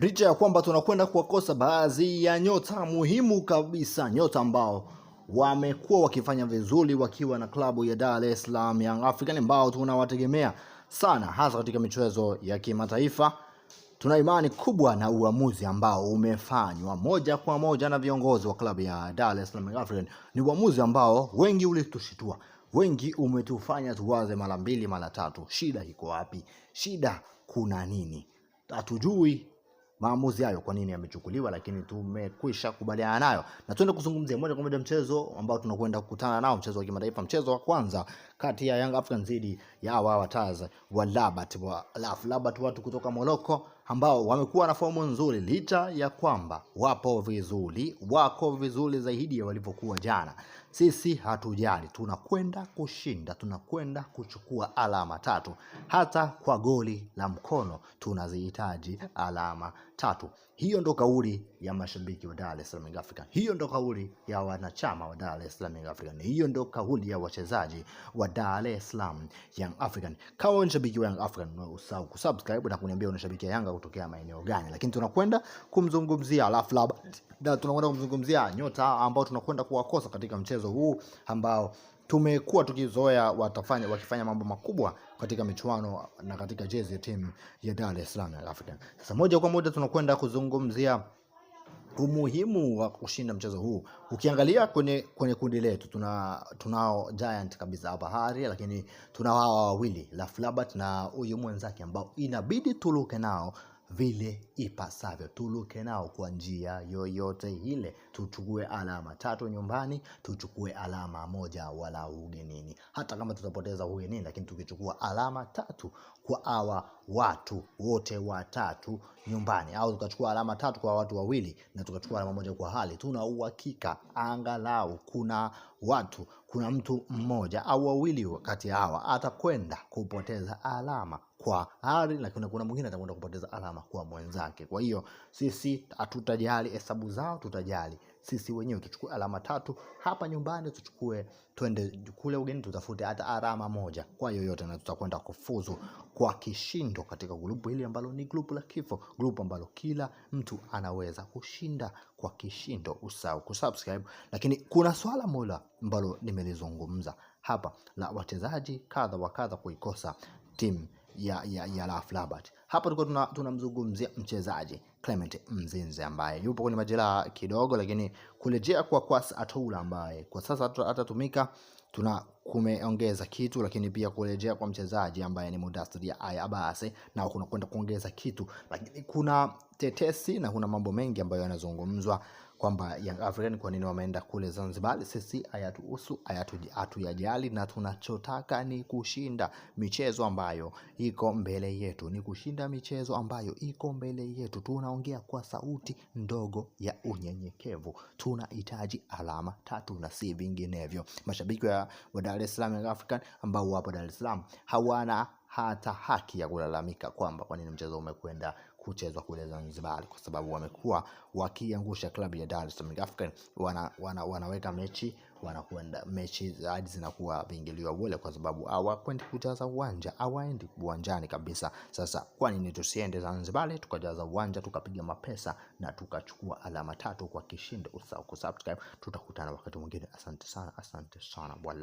licha ya kwamba tunakwenda kuwakosa baadhi ya nyota muhimu kabisa, nyota ambao wamekuwa wakifanya vizuri wakiwa na klabu ya Dar es Salaam Young African ambao tunawategemea sana hasa katika michezo ya kimataifa. Tuna imani kubwa na uamuzi ambao umefanywa moja kwa moja na viongozi wa klabu ya Dar es Salaam Young African. Ni uamuzi ambao wengi ulitushitua, wengi umetufanya tuwaze mara mbili mara tatu, shida iko wapi? Shida kuna nini? Hatujui maamuzi hayo kwa nini yamechukuliwa, lakini tumekwisha kubaliana nayo, na tuende kuzungumzia moja kwa moja mchezo ambao tunakwenda kukutana nao, mchezo wa kimataifa, mchezo wa kwanza kati ya Young Africans dhidi ya hawa Wataz wa Labat wa Laf Labat, watu kutoka Morocco ambao wamekuwa na fomu nzuri licha ya kwamba wapo vizuri, wako vizuri zaidi ya walivyokuwa jana. Sisi hatujali, tunakwenda kushinda, tunakwenda kuchukua alama tatu, hata kwa goli la mkono tunazihitaji alama tatu. Hiyo ndo kauli ya mashabiki wa Dar es Salaam Young Africans. Hiyo ndo kauli ya wanachama wa Dar es Salaam Young Africans. Hiyo ndo kauli ya wachezaji wa Dar es Salaam Young Africans. Kama wewe shabiki wa Young Africans, usahau kusubscribe na kuniambia unashabikia Yanga kutokea maeneo gani, lakini tunakwenda kumzungumzia alafu na tunakwenda kumzungumzia nyota ambao tunakwenda kuwakosa katika mchezo huu ambao tumekuwa tukizoea watafanya wakifanya mambo makubwa katika michuano na katika jezi ya timu ya Dar es Salaam ya Afrika. Sasa moja kwa moja tunakwenda kuzungumzia umuhimu wa kushinda mchezo huu. Ukiangalia kwenye kwenye kundi letu tuna tunao giant kabisa hapa Hari, lakini tunao hawa wawili Laflabat na huyu mwenzake ambao inabidi tuluke nao vile ipasavyo, tuluke nao kwa njia yoyote ile. Tuchukue alama tatu nyumbani, tuchukue alama moja wala ugenini. Hata kama tutapoteza ugenini, lakini tukichukua alama tatu kwa awa watu wote watatu nyumbani, au tukachukua alama tatu kwa watu wawili na tukachukua alama moja kwa hali, tuna uhakika angalau kuna watu, kuna mtu mmoja au wawili kati ya hawa atakwenda kupoteza alama kwa hali, lakini kuna mwingine atakwenda kupoteza alama kwa mwenzake. Kwa hiyo sisi hatutajali hesabu zao, tutajali sisi wenyewe tuchukue alama tatu hapa nyumbani, tuchukue twende kule ugeni tutafute hata alama moja kwa yoyote, na tutakwenda kufuzu kwa kishindo kutoka katika grupu hili ambalo ni grupu la kifo, grupu ambalo kila mtu anaweza kushinda kwa kishindo. Usahau kusubscribe, lakini kuna swala mola ambalo nimelizungumza hapa la wachezaji kadha wa kadha kuikosa timu ya, ya, ya Laf Rabat. Hapa tuko tunamzungumzia tuna mchezaji Clement Mzinze ambaye yupo kwenye majeraha kidogo, lakini kurejea kwa Kwasi Atula ambaye kwa sasa atatumika tuna kumeongeza kitu, lakini pia kurejea kwa mchezaji ambaye ni Mudathir Aya na kuna kwenda kuongeza kitu, lakini kuna tetesi na kuna mambo mengi ambayo yanazungumzwa kwamba Young African kwa nini wameenda kule Zanzibar. Sisi hayatuhusu, hatuyajali na tunachotaka ni kushinda michezo ambayo iko mbele yetu, ni kushinda michezo ambayo iko mbele yetu. Tunaongea kwa sauti ndogo ya unyenyekevu, tunahitaji alama tatu na si vinginevyo. Mashabiki wa Dar es Salaam Young African ambao wapo Dar es Salaam hawana hata haki ya kulalamika kwamba kwa nini mchezo umekwenda kuchezwa kule Zanzibar, kwa sababu wamekuwa wakiangusha klabu ya Dar es Salaam Young African. Wana, wana, wanaweka mechi wanakwenda mechi hadi zinakuwa viingilio bure, kwa sababu hawakwendi kujaza uwanja, hawaendi uwanjani kabisa. Sasa kwa nini tusiende Zanzibar tukajaza uwanja tukapiga mapesa na tukachukua alama tatu kwa kishindo? Usahau kusubscribe, tutakutana wakati mwingine. Asante sana, asante sana bwana.